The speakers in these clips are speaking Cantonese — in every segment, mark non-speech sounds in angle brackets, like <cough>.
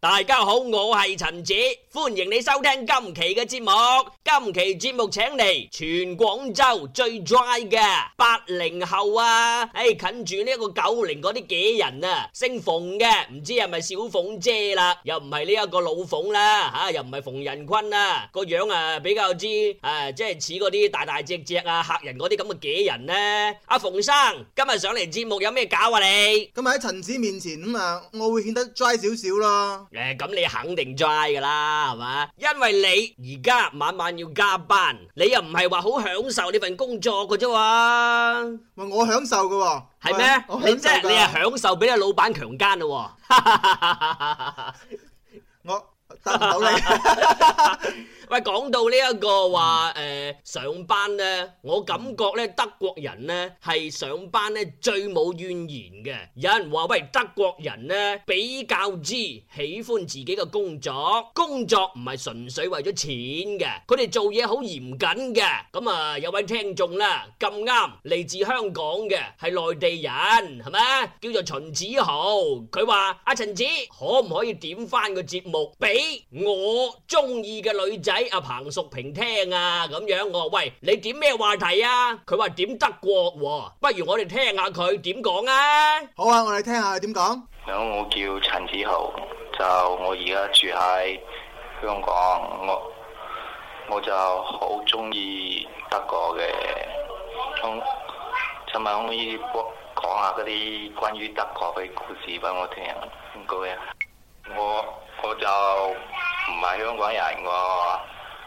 大家好，我係陳子，歡迎你收聽今期嘅節目。今期節目請嚟全廣州最 dry 嘅八零後啊，誒近住呢一個九零嗰啲嘅人啊，姓馮嘅，唔知係咪小馮姐啦，又唔係呢一個老馮啦，吓又唔係馮仁坤啦，個樣啊比較之啊，即係似嗰啲大大隻隻啊吓人嗰啲咁嘅嘅人咧。阿馮生今日上嚟節目有咩搞啊？你今日喺陳子面前咁啊，我會顯得 dry 少少啦。誒，咁，嗯、你肯定 dry 噶啦，係嘛？因為你而家晚晚要加班，你又唔係話好享受呢份工作㗎啫、啊？喎、啊嗎，我享受㗎喎，係咩？你即係你係享受俾個老闆強姦咯？ <laughs> 我得唔到你。 <laughs> 喂，講到呢一個話誒上班咧，我感覺咧德國人咧係上班咧最冇怨言嘅。有人話喂德國人咧比較之喜歡自己嘅工作，工作唔係純粹為咗錢嘅，佢哋做嘢好嚴謹嘅。咁啊有位聽眾咧咁啱嚟自香港嘅係內地人係咪？叫做秦子豪，佢話阿陳子可唔可以點返個節目俾我中意嘅女仔？阿彭淑萍聽啊，咁樣我話喂你點咩話題啊？佢話點德國，不如我哋聽下佢點講啊？好啊，我哋聽下佢點講。咁我叫陳子豪，就我而家住喺香港，我我就好中意德國嘅。咁請問可唔可以講下嗰啲關於德國嘅故事俾我聽？唔該啊。我我就唔係香港人，我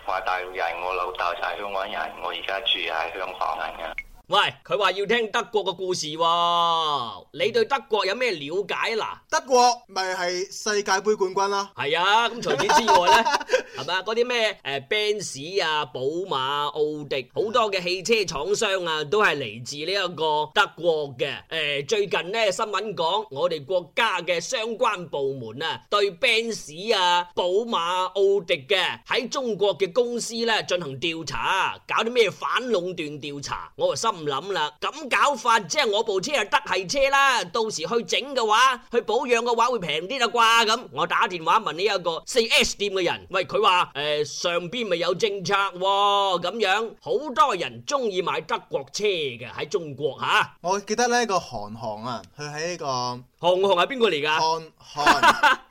我係大陸人，我老豆就係香港人，我而家住喺香港噶。喂，佢話要聽德國嘅故事喎，你對德國有咩了解嗱？德國咪係世界杯冠軍啦，係啊，咁除此之外咧，係咪啊？嗰啲咩誒，Benz 啊，寶馬、奧迪，好多嘅汽車廠商啊，都係嚟自呢一個德國嘅。誒，最近咧新聞講，我哋國家嘅相關部門啊，對 Benz 啊、寶馬、奧迪嘅喺中國嘅公司咧進行調查，搞啲咩反壟斷調查，我心。諗啦，咁搞法即係我部車係德系車啦，到時去整嘅話，去保養嘅話會平啲啦啩咁。我打電話問你一個四 S 店嘅人，喂，佢話誒上邊咪有政策喎，咁樣好多人中意買德國車嘅喺中國吓。我記得呢個韓寒啊，佢喺呢個韓寒係邊個嚟噶？韓寒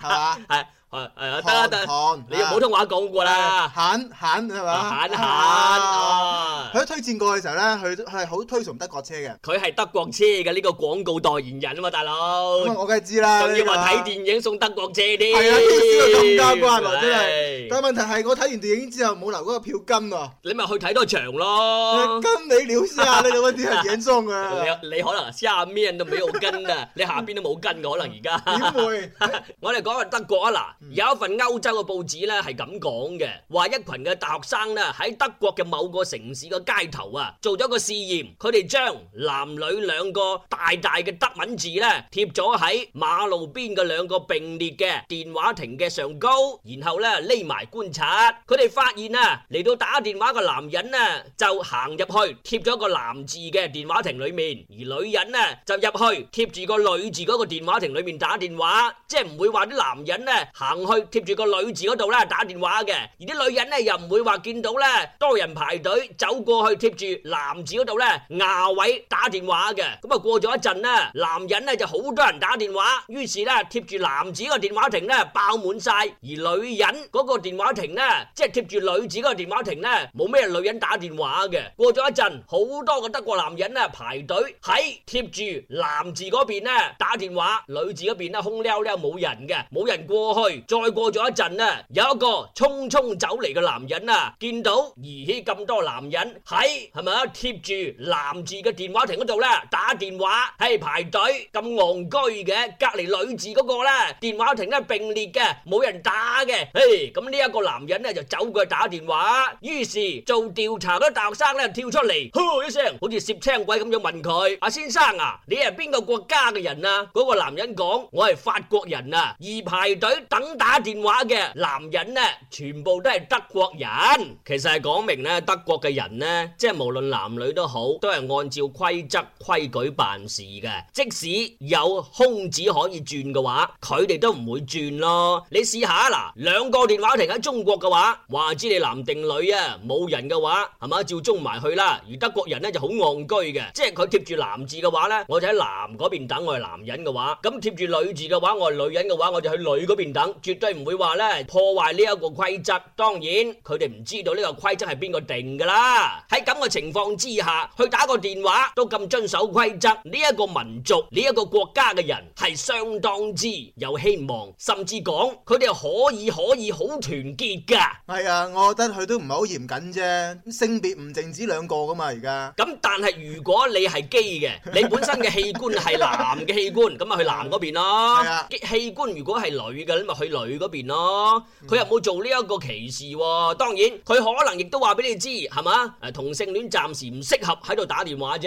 係嘛？係係得啦得，你用普通話講過啦。韓寒係嘛？韓寒。佢推薦過嘅時候咧，佢係好推崇德國車嘅。佢係德國車嘅呢個廣告代言人啊嘛，大佬。我梗係知啦。仲要話睇電影送德國車啲。係啊，呢啲就更加怪咯，真係。但係問題係我睇完電影之後冇留嗰個票根喎。你咪去睇多場咯。根你了哂啊！呢個問題係嚴重啊。你你可能下邊都冇根啊，你下邊都冇根嘅可能而家。點會？我哋講下德國啊嗱，有一份歐洲嘅報紙咧係咁講嘅，話一羣嘅大學生咧喺德國嘅某個城市嘅街頭啊，做咗個試驗。佢哋將男女兩個大大嘅德文字咧貼咗喺馬路邊嘅兩個並列嘅電話亭嘅上高，然後咧匿埋觀察。佢哋發現啊，嚟到打電話個男人啊，就行入去貼咗個男字嘅電話亭裏面，而女人呢就入去貼住個女字嗰個電話亭裏面打電話。即係唔會話啲男人呢行去貼住個女字嗰度啦打電話嘅，而啲女人呢又唔會話見到咧多人排隊走過，去貼住男子嗰度咧，牙位打電話嘅。咁啊，過咗一陣咧，男人咧就好多人打電話。於是咧，貼住男子個電話亭咧爆滿晒。而女人嗰個電話亭咧，即係貼住女子嗰個電話亭咧，冇咩女人打電話嘅。過咗一陣，好多個德國男人咧排隊喺貼住男子嗰邊咧打電話，女子嗰邊咧空溜溜冇人嘅，冇人過去。再過咗一陣咧，有一個匆匆走嚟嘅男人啊，見到而起咁多男人。睇係咪啊？貼住男字嘅電話亭嗰度咧，打電話。誒，排隊咁戇居嘅。隔籬女字嗰個咧，電話亭咧並列嘅，冇人打嘅。誒，咁呢一個男人咧就走過去打電話。於是做調查嘅大學生咧跳出嚟，呵一聲，好似攝青鬼咁樣問佢：，阿先生啊，你係邊個國家嘅人啊？嗰個男人講：，我係法國人啊。而排隊等打電話嘅男人咧，全部都係德國人。其實係講明咧，德國嘅人咧。即係無論男女都好，都係按照規則規矩辦事嘅。即使有空子可以轉嘅話，佢哋都唔會轉咯。你試試。你試下啊，嗱，兩個電話亭喺中國嘅話，話知你男定女啊？冇人嘅話，係咪照中埋去啦。而德國人咧就好戇居嘅，即係佢貼住男字嘅話咧，我就喺男嗰邊等；我係男人嘅話，咁貼住女字嘅話，我係女人嘅話，我就去女嗰邊等，絕對唔會話咧破壞呢一個規則。當然，佢哋唔知道呢個規則係邊個定噶啦。喺咁嘅情況之下，去打個電話都咁遵守規則，呢一個民族、呢一個國家嘅人係相當之有希望，甚至講佢哋又可以可以好團結噶。係啊，我覺得佢都唔係好嚴謹啫。性別唔淨止兩個噶嘛，而家咁。但係如果你係基嘅，你本身嘅器官係男嘅器官，咁咪去男嗰邊咯。係啊。器官如果係女嘅，你咪去女嗰邊咯。佢又冇做呢一個歧視喎。當然佢可能亦都話俾你知，係嘛？同性戀暫時唔適合喺度打電話啫，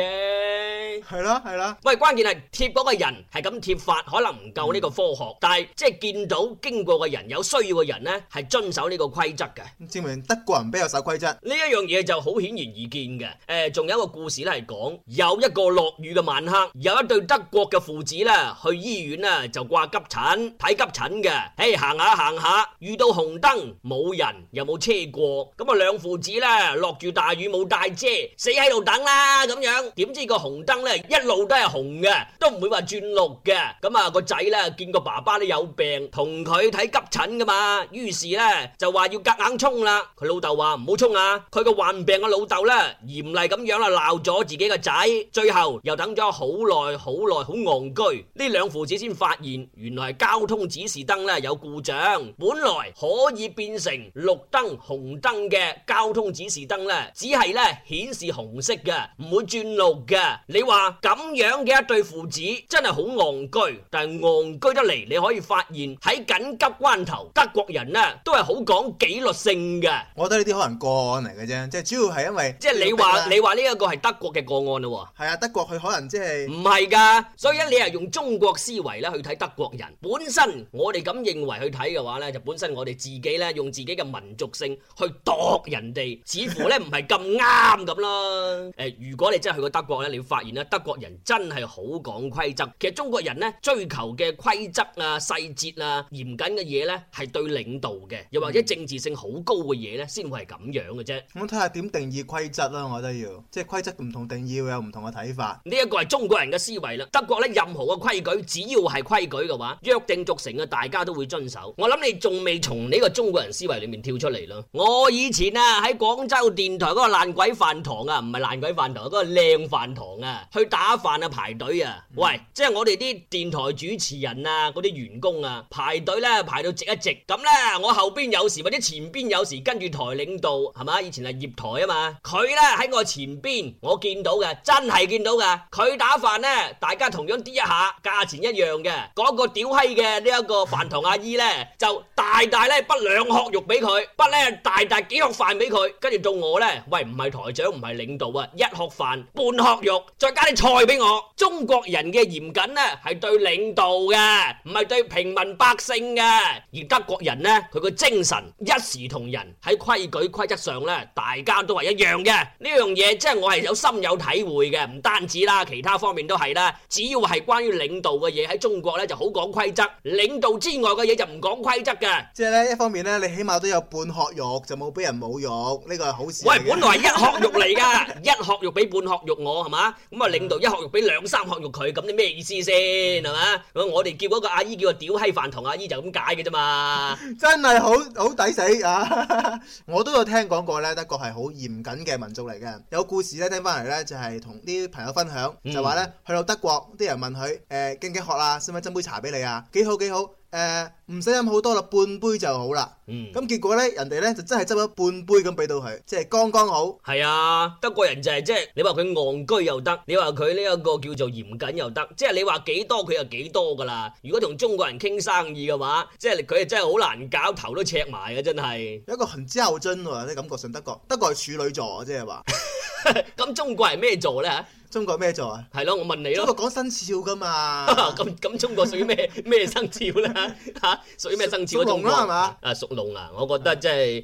係咯係咯。喂，關鍵係貼嗰個人係咁貼法，可能唔夠呢個科學。嗯、但係即係見到經過嘅人有需要嘅人呢，係遵守呢個規則嘅。證明德國人比較守規則呢一樣嘢就好顯然易見嘅。誒、呃，仲有一個故事咧，係講有一個落雨嘅晚黑，有一對德國嘅父子咧去醫院呢就掛急診睇急診嘅。誒，行下行下遇到紅燈，冇人又冇車過，咁啊兩父子呢，落住大雨冇。大姐死喺度等啦，咁樣，點知個紅燈咧一路都係紅嘅，都唔會話轉綠嘅。咁啊個仔咧，見個爸爸都有病，同佢睇急診噶嘛。於是咧就話要夾硬衝啦。佢老豆話唔好衝啊！佢個患病嘅老豆咧嚴厲咁樣啦鬧咗自己個仔。最後又等咗好耐好耐，好戇居。呢兩父子先發現，原來係交通指示燈咧有故障，本來可以變成綠燈紅燈嘅交通指示燈咧，只係。咧顯示紅色嘅，唔會轉綠嘅。你話咁樣嘅一對父子真係好戇居，但係戇居得嚟，你可以發現喺緊急關頭，德國人咧都係好講紀律性嘅。我覺得呢啲可能個案嚟嘅啫，即係主要係因為即係你話你話呢一個係德國嘅個案咯。係啊，德國佢可能即係唔係噶，所以咧你係用中國思維咧去睇德國人本身，我哋咁認為去睇嘅話咧，就本身我哋自己咧用自己嘅民族性去度人哋，似乎咧唔係咁。啱咁咯，誒，如果你真係去過德國咧，你會發現咧，德國人真係好講規則。其實中國人咧追求嘅規則啊、細節啊、嚴謹嘅嘢咧，係對領導嘅，又或者政治性好高嘅嘢咧，先會係咁樣嘅啫。我睇下點定義規則啦，我覺得要，即係規則唔同定義會有唔同嘅睇法。呢一個係中國人嘅思維啦，德國咧任何嘅規矩，只要係規矩嘅話，約定俗成嘅，大家都會遵守。我諗你仲未從呢個中國人思維裏面跳出嚟咯。我以前啊喺廣州電台嗰個爛鬼飯堂啊，唔係爛鬼飯堂，嗰個靚飯堂啊，去打飯啊排隊啊，喂，即係我哋啲電台主持人啊，嗰啲員工啊，排隊咧排到直一直，咁咧我後邊有時或者前邊有時跟住台領導係嘛，以前係業台啊嘛，佢咧喺我前邊，我見到嘅真係見到噶，佢打飯咧，大家同樣啲一下，價錢一樣嘅，嗰個屌閪嘅呢一個飯堂阿姨咧，就大大咧不兩殼肉俾佢，不咧大大幾殼飯俾佢，跟住到我咧，喂。唔係台長唔係領導啊！一學飯半學肉，再加啲菜俾我。中國人嘅嚴謹呢，係對領導嘅，唔係對平民百姓嘅。而德國人呢，佢個精神一視同仁，喺規矩規則上呢，大家都係一樣嘅。呢樣嘢即係我係有深有體會嘅，唔單止啦，其他方面都係啦。只要係關於領導嘅嘢喺中國呢就好講規則，領導之外嘅嘢就唔講規則嘅。即係呢，一方面呢，你起碼都有半學肉就冇俾人侮辱。呢個係好事。喂本來。一殼肉嚟噶，一殼肉俾半殼肉我係嘛，咁啊領導一殼肉俾兩三殼肉佢，咁你咩意思先係嘛？我我哋叫嗰個阿姨叫個屌閪飯堂阿姨就咁解嘅啫嘛，真係好好抵死啊！我都有聽講過咧，德國係好嚴謹嘅民族嚟嘅，有故事咧，聽翻嚟咧就係同啲朋友分享，就話咧去到德國啲人問佢誒，驚唔驚學啊？使唔使斟杯茶俾你啊？幾好幾好。誒唔使飲好多啦，半杯就好啦。咁、嗯、結果呢，人哋呢就真係執咗半杯咁俾到佢，即係剛剛好。係啊，德國人就係即係你話佢戇居又得，你話佢呢一個叫做嚴謹又得，即係你話幾多佢又幾多噶啦。如果同中國人傾生意嘅話，即係佢係真係好難搞，頭都赤埋嘅真係。有一個行之後尊喎、啊，啲感覺上德國，德國係處女座啊，即係話。咁 <laughs> 中國係咩座呢？中國咩座啊？係咯，我問你咯。中國講生肖噶嘛 <laughs> 啊？咁咁，中國屬於咩咩生肖咧？ <laughs> 屬於咩生肖，屬龍啦，係嘛、啊？國啊，屬龍啊，我覺得即係。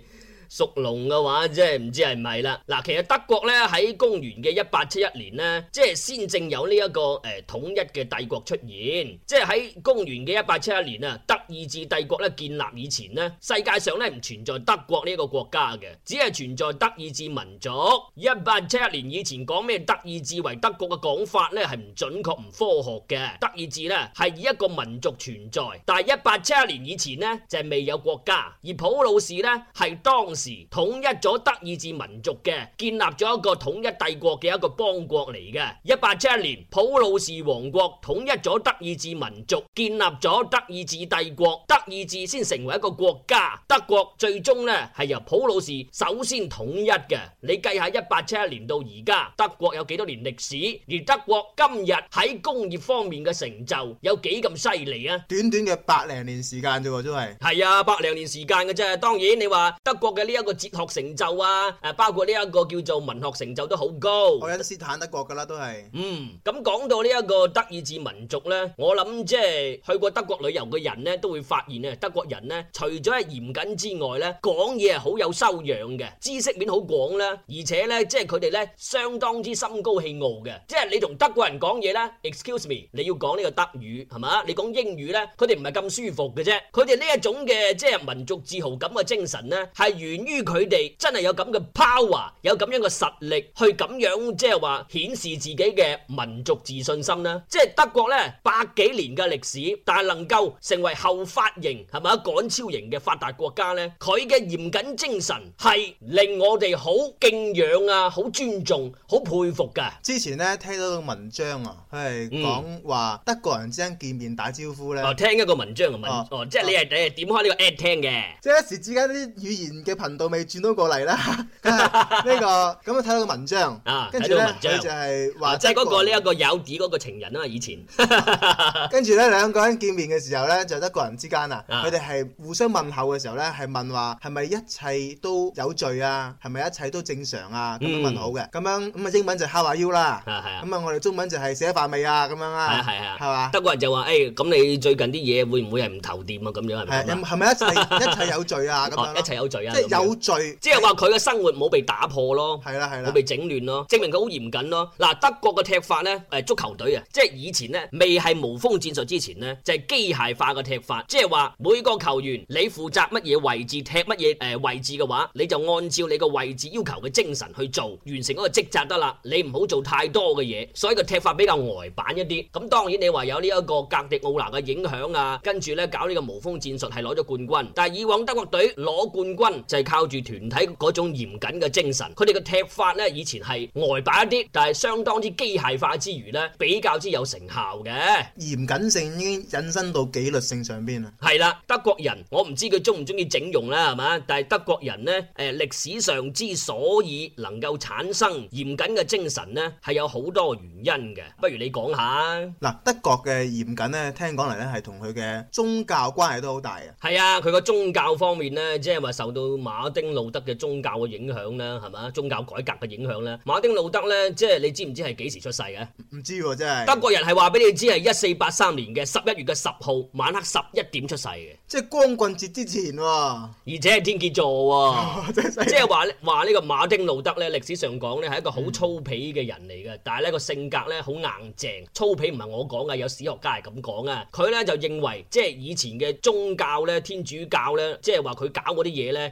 屬龍嘅話，即係唔知係唔係啦。嗱，其實德國咧喺公元嘅一八七一年呢，即係先正有呢、這、一個誒、呃、統一嘅帝國出現。即係喺公元嘅一八七一年啊，德意志帝國咧建立以前呢，世界上咧唔存在德國呢個國家嘅，只係存在德意志民族。一八七一年以前講咩德意志為德國嘅講法咧，係唔準確唔科學嘅。德意志咧係以一個民族存在，但係一八七一年以前呢，就未有國家。而普魯士呢，係當。統一咗德意志民族嘅，建立咗一個統一帝國嘅一個邦國嚟嘅。一八七一年，普魯士王國統一咗德意志民族，建立咗德意志帝國，德意志先成為一個國家。德國最終呢係由普魯士首先統一嘅。你計下一八七一年到而家，德國有幾多年歷史？而德國今日喺工業方面嘅成就有幾咁犀利啊？短短嘅百零年時間啫，都係係啊，百零年時間嘅啫。當然，你話德國嘅。呢一個哲學成就啊，誒包括呢一個叫做文學成就都好高。愛因斯坦，德國噶啦，都係。嗯，咁講到呢一個德意志民族咧，我諗即係去過德國旅遊嘅人咧，都會發現咧，德國人咧除咗係嚴謹之外咧，講嘢係好有修養嘅，知識面好廣啦，而且咧即係佢哋咧相當之心高氣傲嘅，即係你同德國人講嘢咧，excuse me，你要講呢個德語係嘛？你講英語咧，佢哋唔係咁舒服嘅啫。佢哋呢一種嘅即係民族自豪感嘅精神咧，係完。於佢哋真係有咁嘅 power，有咁樣嘅實力去咁樣即係話顯示自己嘅民族自信心咧。即係德國咧，百幾年嘅歷史，但係能夠成為後發型係咪趕超型嘅發達國家咧，佢嘅嚴謹精神係令我哋好敬仰啊，好尊重，好佩服嘅。之前咧聽到個文章啊，係講話德國人之間見面打招呼咧。哦，聽一個文章嘅文哦，即係你係點開呢個 app 聽嘅，即係一時之間啲語言嘅。道未轉到過嚟啦，呢個咁啊睇到個文章啊，睇到個就係話即係嗰個呢一個有啲嗰個情人啊嘛，以前跟住咧兩個人見面嘅時候咧，就德個人之間啊，佢哋係互相問候嘅時候咧，係問話係咪一切都有罪啊？係咪一切都正常啊？咁樣問好嘅，咁樣咁啊英文就敲下腰啦，係啊，咁啊我哋中文就係食飯未啊？咁樣啊，係啊係啊，德國人就話誒，咁你最近啲嘢會唔會係唔投掂啊？咁樣係咪？係咪一切一切有罪啊？咁樣，一切有罪啊！即有即係話佢嘅生活冇被打破咯，係啦係啦，冇被整亂咯，證明佢好嚴謹咯。嗱，德國嘅踢法呢，誒，足球隊啊，即係以前呢，未係無鋒戰術之前呢，就係機械化嘅踢法，即係話每個球員你負責乜嘢位置踢乜嘢誒位置嘅話，你就按照你個位置要求嘅精神去做，完成嗰個職責得啦。你唔好做太多嘅嘢，所以個踢法比較呆板一啲。咁當然你話有呢一個格迪奧拿嘅影響啊，跟住呢，搞呢個無鋒戰術係攞咗冠軍，但係以往德國隊攞冠軍係靠住團體嗰種嚴謹嘅精神，佢哋嘅踢法呢，以前係呆擺一啲，但係相當之機械化之餘呢，比較之有成效嘅。嚴謹性已經引申到紀律性上邊啦。係啦，德國人我唔知佢中唔中意整容啦，係嘛？但係德國人呢，誒，歷史上之所以能夠產生嚴謹嘅精神呢，係有好多原因嘅。不如你講下。嗱，德國嘅嚴謹呢，聽講嚟呢，係同佢嘅宗教關係都好大嘅。係啊，佢個宗教方面呢，即係話受到。馬丁路德嘅宗教嘅影響咧，係嘛？宗教改革嘅影響咧，馬丁路德咧，即係你知唔知係幾時出世嘅？唔知真係。德國人係話俾你知，係一四八三年嘅十一月嘅十號晚黑十一點出世嘅，即係光棍節之前，啊。而且係天蠍座，啊。哦，即係話話呢個馬丁路德咧，歷史上講咧係一個好粗鄙嘅人嚟嘅，嗯，但係咧個性格咧好硬淨，粗鄙唔係我講嘅，有史學家係咁講啊。佢咧就認為，即係以前嘅宗教咧，天主教咧，即係話佢搞嗰啲嘢咧，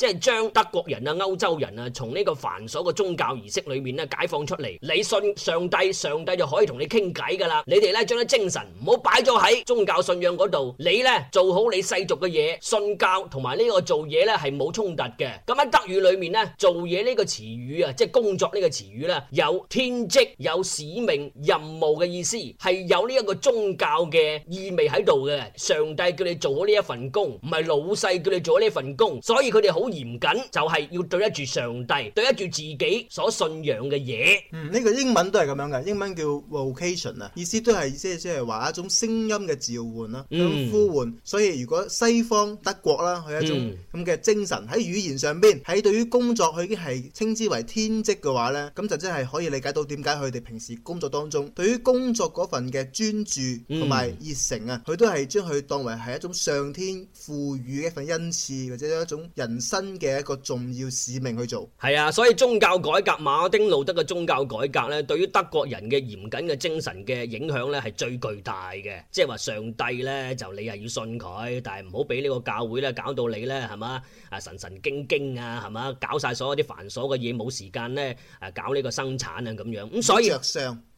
即係將德國人啊、歐洲人啊，從呢個繁瑣嘅宗教儀式裏面咧解放出嚟。你信上帝，上帝就可以同你傾偈㗎啦。你哋咧將啲精神唔好擺咗喺宗教信仰嗰度，你咧做好你世俗嘅嘢，信教同埋呢個做嘢咧係冇衝突嘅。咁喺德語裏面咧，做嘢呢個詞語啊，即係工作個詞呢個詞語啦，有天職、有使命、任務嘅意思，係有呢一個宗教嘅意味喺度嘅。上帝叫你做好呢一份工，唔係老細叫你做呢份工，所以佢哋好。嚴謹就係要對得住上帝，對得住自己所信仰嘅嘢。嗯，呢個英文都係咁樣嘅，英文叫 vocation 啊，意思都係意思，即係話一種聲音嘅召喚啦，咁呼喚。所以如果西方德國啦，佢一種咁嘅精神喺語言上邊，喺對於工作佢已經係稱之為天職嘅話呢，咁就真係可以理解到點解佢哋平時工作當中，對於工作嗰份嘅專注同埋熱誠啊，佢都係將佢當為係一種上天賦予嘅一份恩賜，或者一種人生。真嘅一個重要使命去做，係啊，所以宗教改革馬丁路德嘅宗教改革咧，對於德國人嘅嚴謹嘅精神嘅影響咧，係最巨大嘅。即係話上帝咧，就你係要信佢，但係唔好俾呢個教會咧搞到你咧，係嘛啊神神經經啊，係嘛搞晒所有啲繁瑣嘅嘢，冇時間咧啊搞呢個生產啊咁樣。咁所以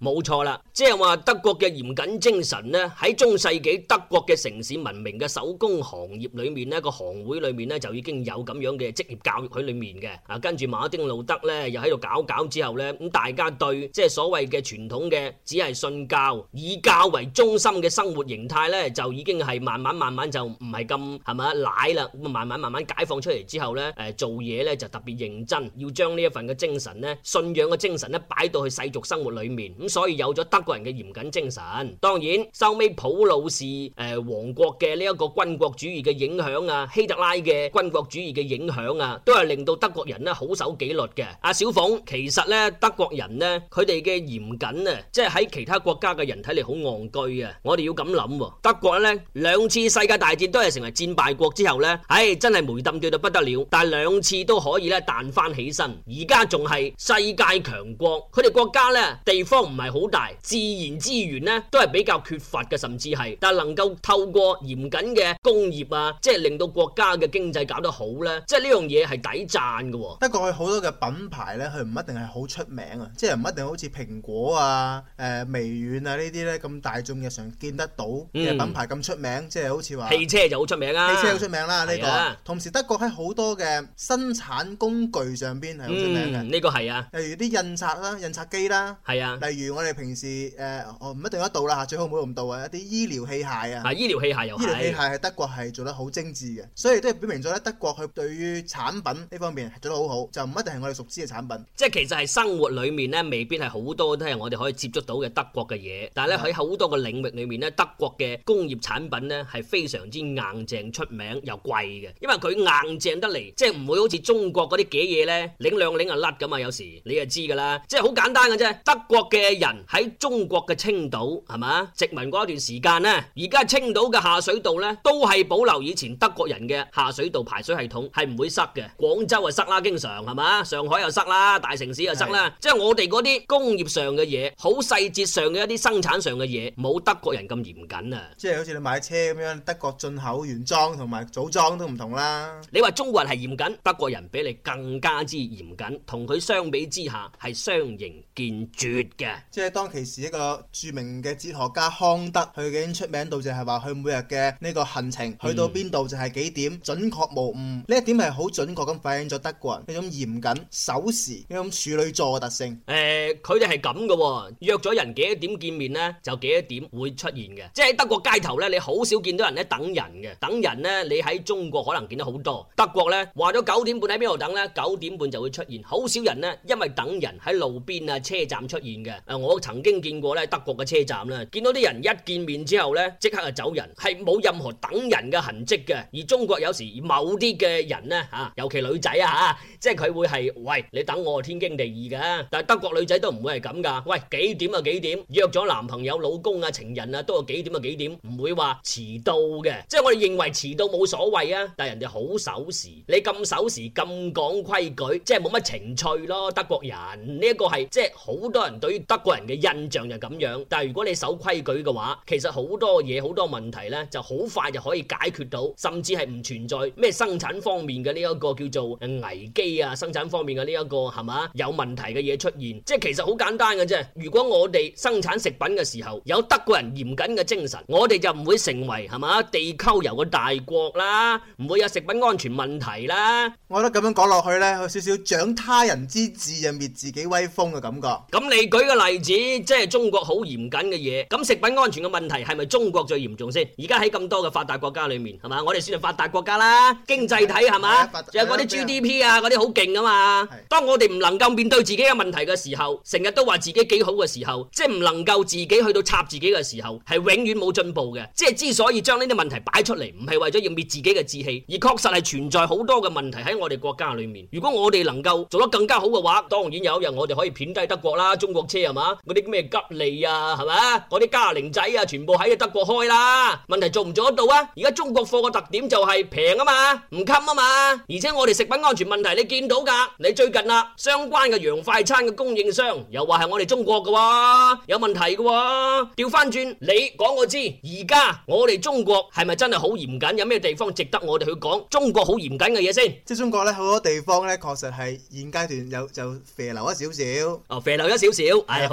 冇錯啦，即係話德國嘅嚴謹精神呢，喺中世紀德國嘅城市文明嘅手工行業裏面呢，個行會裏面呢就已經有咁樣嘅職業教育喺裡面嘅。啊，跟住馬丁路德呢又喺度搞搞之後呢，咁大家對即係所謂嘅傳統嘅只係信教以教為中心嘅生活形態呢，就已經係慢慢慢慢就唔係咁係咪奶啦。咁慢慢慢慢解放出嚟之後呢，誒做嘢呢就特別認真，要將呢一份嘅精神呢，信仰嘅精神呢擺到去世俗生活裏面咁。所以有咗德國人嘅嚴謹精神，當然收尾普魯士誒王、呃、國嘅呢一個軍國主義嘅影響啊，希特拉嘅軍國主義嘅影響啊，都係令到德國人咧好守紀律嘅。阿、啊、小鳳，其實呢，德國人呢，佢哋嘅嚴謹啊，即係喺其他國家嘅人睇嚟，好戇居啊。我哋要咁諗、哦，德國呢，兩次世界大戰都係成為戰敗國之後呢，唉、哎，真係霉淡掉到不得了。但係兩次都可以咧彈翻起身，而家仲係世界強國。佢哋國家呢地方唔係好大，自然資源呢都係比較缺乏嘅，甚至係，但係能夠透過嚴謹嘅工業啊，即係令到國家嘅經濟搞得好呢。即係呢樣嘢係抵讚嘅、哦。不過佢好多嘅品牌呢，佢唔一定係好出名啊，即係唔一定好似蘋果啊、誒、呃、微軟啊這些呢啲呢咁大眾日常見得到嘅、嗯、品牌咁出名，即係好似話汽車就好出名啊，汽車好出名啦、啊、呢、這個。啊、同時德國喺好多嘅生產工具上邊係好出名嘅，呢、嗯這個係啊，例如啲印刷啦、印刷機啦，係啊，例如。我哋平時誒，我、呃、唔一定得到啦，最好唔好咁到啊！一啲醫療器械啊，醫療器械又係，醫療器械係德國係做得好精緻嘅，所以都係表明咗咧，德國佢對於產品呢方面係做得好好，就唔一定係我哋熟知嘅產品。即係其實係生活裡面咧，未必係好多都係我哋可以接觸到嘅德國嘅嘢。但係咧喺好多個領域裡面咧，德國嘅工業產品咧係非常之硬淨，出名又貴嘅，因為佢硬淨得嚟，即係唔會好似中國嗰啲嘅嘢咧，擰兩擰就甩㗎嘛，有時你就知㗎啦，即係好簡單嘅啫。德國嘅人喺中國嘅青島，係咪？殖民嗰段時間呢，而家青島嘅下水道呢，都係保留以前德國人嘅下水道排水系統，係唔會塞嘅。廣州啊塞啦，經常係咪，上海又塞啦，大城市又塞啦。是的 即係我哋嗰啲工業上嘅嘢，好細節上嘅一啲生產上嘅嘢，冇德國人咁嚴謹啊。即係好似你買車咁樣，德國進口原裝同埋組裝都唔同啦。你話中國人係嚴謹，德國人比你更加之嚴謹，同佢相比之下係相形見絀嘅。即係當其時一個著名嘅哲學家康德，佢已經出名到就係話佢每日嘅呢個行程，去到邊度就係幾點，準確無誤。呢一點係好準確咁反映咗德國人一種嚴謹、守時、一種處女座嘅特性。誒，佢哋係咁嘅喎，約咗人幾多點見面咧，就幾多點會出現嘅。即係喺德國街頭咧，你好少見到人喺等人嘅。等人咧，你喺中國可能見到好多。德國咧，話咗九點半喺邊度等咧，九點半就會出現，好少人咧，因為等人喺路邊啊車站出現嘅。我曾經見過咧德國嘅車站啦，見到啲人一見面之後咧，即刻就走人，係冇任何等人嘅痕跡嘅。而中國有時某啲嘅人咧嚇，尤其女仔啊嚇，即係佢會係喂，你等我天經地義嘅，但係德國女仔都唔會係咁噶。喂，幾點就幾點，約咗男朋友、老公啊、情人啊，都係幾點就幾點，唔會話遲到嘅。即係我哋認為遲到冇所謂啊，但係人哋好守時，你咁守時咁講規矩，即係冇乜情趣咯。德國人呢一個係即係好多人對於德國人嘅印象就咁樣，但係如果你守規矩嘅話，其實好多嘢，好多問題呢就好快就可以解決到，甚至係唔存在咩生產方面嘅呢一個叫做危機啊，生產方面嘅呢一個係嘛有問題嘅嘢出現，即係其實好簡單嘅啫。如果我哋生產食品嘅時候有德國人嚴謹嘅精神，我哋就唔會成為係嘛地溝油嘅大國啦，唔會有食品安全問題啦。我覺得咁樣講落去呢，有少少長他人之志又滅自己威風嘅感覺。咁你舉個例？即係中國好嚴謹嘅嘢，咁食品安全嘅問題係咪中國最嚴重先？而家喺咁多嘅發達國家裏面，係嘛？我哋算係發達國家啦，經濟體，係嘛？仲有嗰啲 GDP 啊，嗰啲好勁啊嘛。當我哋唔能夠面對自己嘅問題嘅時候，成日都話自己幾好嘅時候，即係唔能夠自己去到插自己嘅時候，係永遠冇進步嘅。即係之所以將呢啲問題擺出嚟，唔係為咗要滅自己嘅志氣，而確實係存在好多嘅問題喺我哋國家裏面。如果我哋能夠做得更加好嘅話，當然有一日我哋可以撇低德國啦，中國車係嘛？嗰啲咩吉利啊，係嘛？嗰啲嘉陵仔啊，全部喺德國開啦。問題做唔做得到啊？而家中國貨個特點就係平啊嘛，唔襟啊嘛。而且我哋食品安全問題，你見到噶。你最近啦，相關嘅洋快餐嘅供應商又話係我哋中國嘅喎，有問題嘅喎。調翻轉，你講我知。而家我哋中國係咪真係好嚴謹？有咩地方值得我哋去講中國好嚴謹嘅嘢先？即係中國咧，好多地方咧，確實係現階段有就肥流一少少。哦，肥流一少少，哎呀。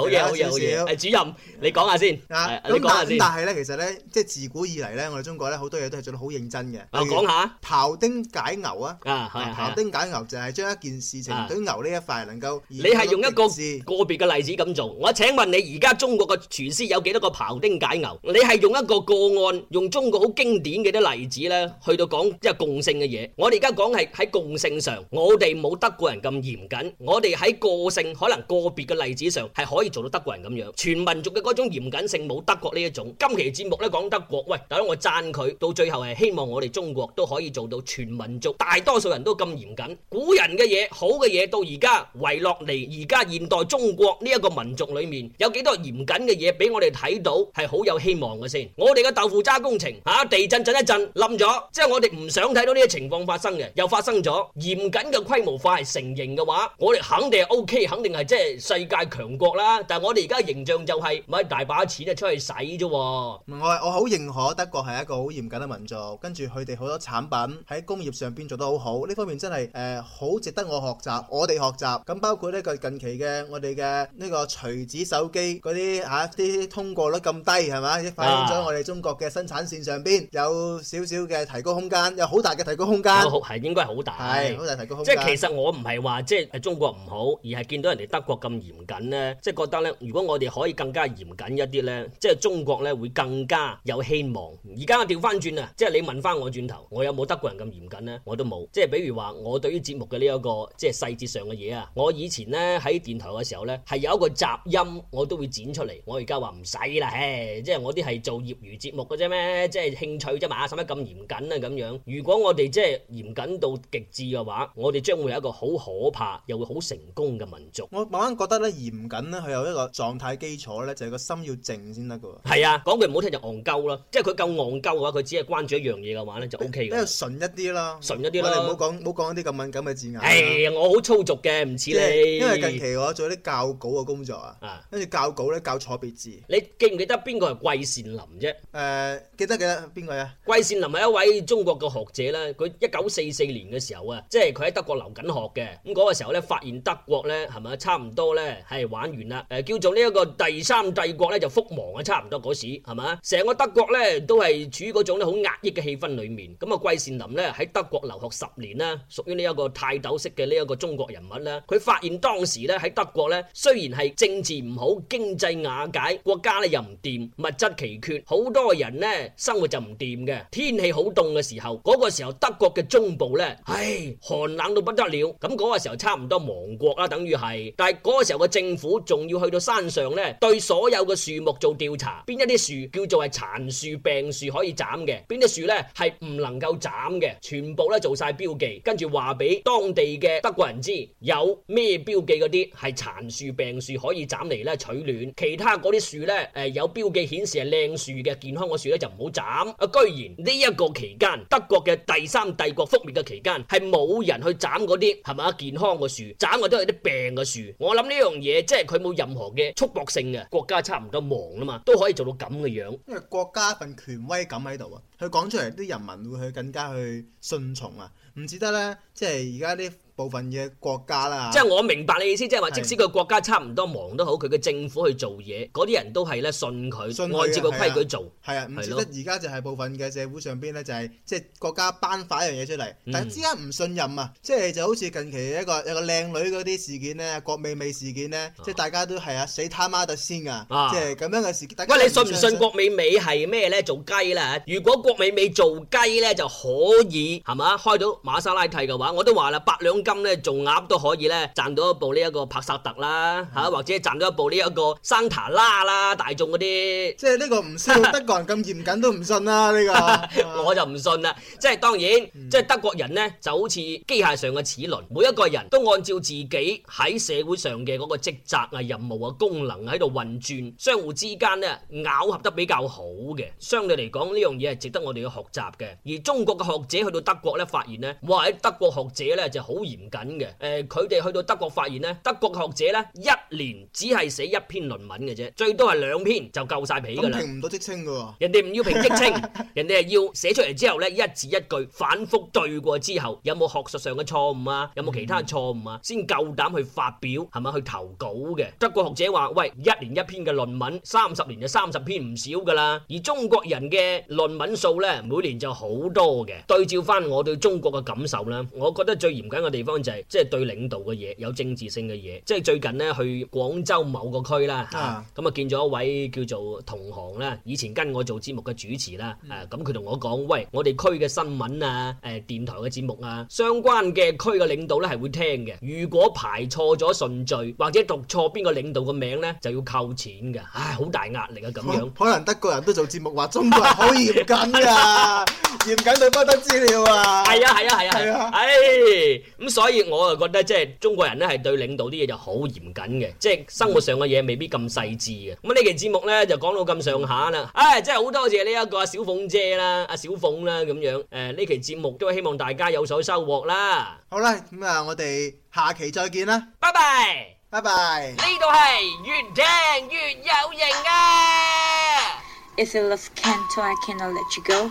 好嘢，好嘢！誒，主任，你講下先啊。咁但係，但係咧，其實咧，即係自古以嚟咧，我哋中國咧好多嘢都係做得好認真嘅。啊，我講下庖丁解牛啊！啊，庖丁解牛就係將一件事情對牛呢一塊能夠。你係用一個個別嘅例子咁做。我請問你而家中國嘅廚師有幾多個庖丁解牛？你係用一個個案，用中國好經典嘅啲例子咧，去到講即係共性嘅嘢。我哋而家講係喺共性上，我哋冇德國人咁嚴謹，我哋喺個性可能個別嘅例子上係可以。做到德國人咁樣，全民族嘅嗰種嚴謹性冇德國呢一種。今期節目咧講德國，喂，大佬我讚佢，到最後係希望我哋中國都可以做到全民族，大多數人都咁嚴謹。古人嘅嘢，好嘅嘢，到而家遺落嚟，而家現代中國呢一個民族裏面，有幾多嚴謹嘅嘢俾我哋睇到，係好有希望嘅先。我哋嘅豆腐渣工程，啊，地震震,震一震冧咗，即係、就是、我哋唔想睇到呢個情況發生嘅，又發生咗。嚴謹嘅規模化係成形嘅話，我哋肯定係 OK，肯定係即係世界強國啦。但係我哋而家形象就係唔係大把錢啊出去使啫。我我好認可德國係一個好嚴謹嘅民族，跟住佢哋好多產品喺工業上邊做得好好，呢方面真係誒好值得我學習，我哋學習。咁包括呢個近期嘅我哋嘅呢個錘子手機嗰啲吓啲通過率咁低係咪，反映咗我哋中國嘅生產線上邊有少少嘅提高空間，有好大嘅提高空間。係應該係好大，係好大提高空間。即係其實我唔係話即係中國唔好，而係見到人哋德國咁嚴謹咧，即係個。如果我哋可以更加嚴謹一啲呢，即係中國呢會更加有希望。而家我調翻轉啊，即係你問翻我轉頭，我有冇德國人咁嚴謹呢？我都冇。即係比如話，我對於節目嘅呢一個即係細節上嘅嘢啊，我以前呢喺電台嘅時候呢，係有一個雜音，我都會剪出嚟。我而家話唔使啦，即係我啲係做業餘節目嘅啫咩？即係興趣啫嘛，使乜咁嚴謹啊咁樣？如果我哋即係嚴謹到極致嘅話，我哋將會有一個好可怕又會好成功嘅民族。我慢慢覺得呢嚴謹呢有一個狀態基礎咧，就係、是、個心要靜先得嘅。係啊，講句唔好聽就戇鳩啦。即係佢夠戇鳩嘅話，佢只係關注一樣嘢嘅話咧，就 O K 嘅。即係順一啲啦，順一啲啦。你唔好講，唔好講啲咁敏感嘅字眼，啊。哎呀，我好粗俗嘅，唔似你。因為近期我做啲教稿嘅工作啊，跟住教稿咧教錯別字。你記唔記得邊個係季羨林啫？誒、呃，記得記得邊個啊？季羨林係一位中國嘅學者啦。佢一九四四年嘅時候啊，即係佢喺德國留緊學嘅。咁、那、嗰個時候咧，發現德國咧係咪差唔多咧係玩完啦。誒叫做呢一個第三帝國咧，就覆亡啊，差唔多嗰時係嘛？成個德國咧都係處於嗰種咧好壓抑嘅氣氛裡面。咁啊，季羨林咧喺德國留學十年啦，屬於呢一個泰斗式嘅呢一個中國人物啦。佢發現當時咧喺德國咧，雖然係政治唔好、經濟瓦解、國家咧又唔掂、物質奇缺，好多人咧生活就唔掂嘅。天氣好凍嘅時候，嗰、那個時候德國嘅中部咧，唉，寒冷到不得了。咁、那、嗰個時候差唔多亡國啦，等於係。但係嗰個時候嘅政府仲要。去到山上咧，對所有嘅樹木做調查，邊一啲樹叫做係殘樹、病樹可以斬嘅，邊啲樹咧係唔能夠斬嘅，全部咧做晒標記，跟住話俾當地嘅德國人知，有咩標記嗰啲係殘樹、病樹可以斬嚟咧取暖，其他嗰啲樹咧誒有標記顯示係靚樹嘅健康嘅樹咧就唔好斬。啊，居然呢一個期間，德國嘅第三帝國覆滅嘅期間係冇人去斬嗰啲係咪啊健康嘅樹，斬嘅都係啲病嘅樹。我諗呢樣嘢即係佢冇任。任何嘅束縛性嘅國家差唔多忙啦嘛，都可以做到咁嘅樣，的樣。因為國家份權威感喺度啊，佢講出嚟啲人民會去更加去順從啊，唔止得咧，即係而家啲。部分嘅國家啦，即係我明白你意思，即係話即使個國家差唔多忙都好，佢嘅是的 政府去做嘢，嗰啲人都係咧信佢，信佢按照個規矩的做。係啊，唔知得而家就係部分嘅社會上邊咧，就係即係國家頒發一樣嘢出嚟，但係之間唔信任啊，嗯、即係就好似近期一個一個靚女嗰啲事件咧，郭美美事件咧，啊、即係大家都係啊死他媽得先啊。啊，即係咁樣嘅事件。大家喂，你信唔信郭美美係咩咧？做雞啦，如果郭美美做雞咧就可以係嘛？開到馬莎拉蒂嘅話，我都話啦，百兩做鴨都可以咧賺到一部呢一個帕薩特啦嚇，嗯、或者賺到一部呢一個桑塔拉啦，大眾嗰啲。即係呢個唔信德國人咁嚴謹都唔信啦，呢、 <laughs> 呢個 <laughs> 我就唔信啦。 <laughs> 即係當然，即係德國人呢就好似機械上嘅齒輪，每一個人都按照自己喺社會上嘅嗰個職責啊、任務啊、功能喺度運轉，相互之間咧咬合得比較好嘅。相對嚟講，呢樣嘢係值得我哋去學習嘅。而中國嘅學者去到德國呢，發現呢，哇！喺德國學者呢就好。嚴謹嘅，誒，佢哋去到德國發現呢，德國學者呢，一年只係寫一篇論文嘅啫，最多係兩篇就夠晒皮噶啦。咁評唔到職稱噶喎，人哋唔要評職稱，人哋係要寫出嚟之後呢，一字一句反覆對過之後，有冇學術上嘅錯誤啊？有冇其他錯誤啊？先夠膽去發表，係咪去投稿嘅？德國學者話：，喂，一年一篇嘅論文，三十年就三十篇唔少噶啦。而中國人嘅論文數呢，每年就好多嘅。對照翻我對中國嘅感受啦，我覺得最嚴謹地方就係即係對領導嘅嘢有政治性嘅嘢，即係最近呢，去廣州某個區啦，咁 Yeah. 啊就見咗一位叫做同行啦，以前跟我做節目嘅主持啦，誒咁佢同我講：，喂，我哋區嘅新聞啊，誒、呃、電台嘅節目啊，相關嘅區嘅領導咧係會聽嘅，如果排錯咗順序或者讀錯邊個領導嘅名咧，就要扣錢㗎，唉，好大壓力啊咁樣、哦。可能德個人都做節目話中文，好嚴謹， <laughs> 嚴謹得得啊，嚴謹你不得料啊！係啊係啊係啊係啊！唉、啊。所以我啊覺得即係中國人咧係對領導啲嘢就好嚴謹嘅，即係生活上嘅嘢未必咁細緻嘅。咁啊呢期節目咧就講到咁上下啦，唉，真係好多謝呢一個阿小鳳姐啦，阿小鳳啦咁樣。誒呢期節目都希望大家有所收穫啦。好啦，咁啊我哋下期再見啦。拜拜，拜拜。呢度係越聽越有型呀。If you love Canto, I can't let you go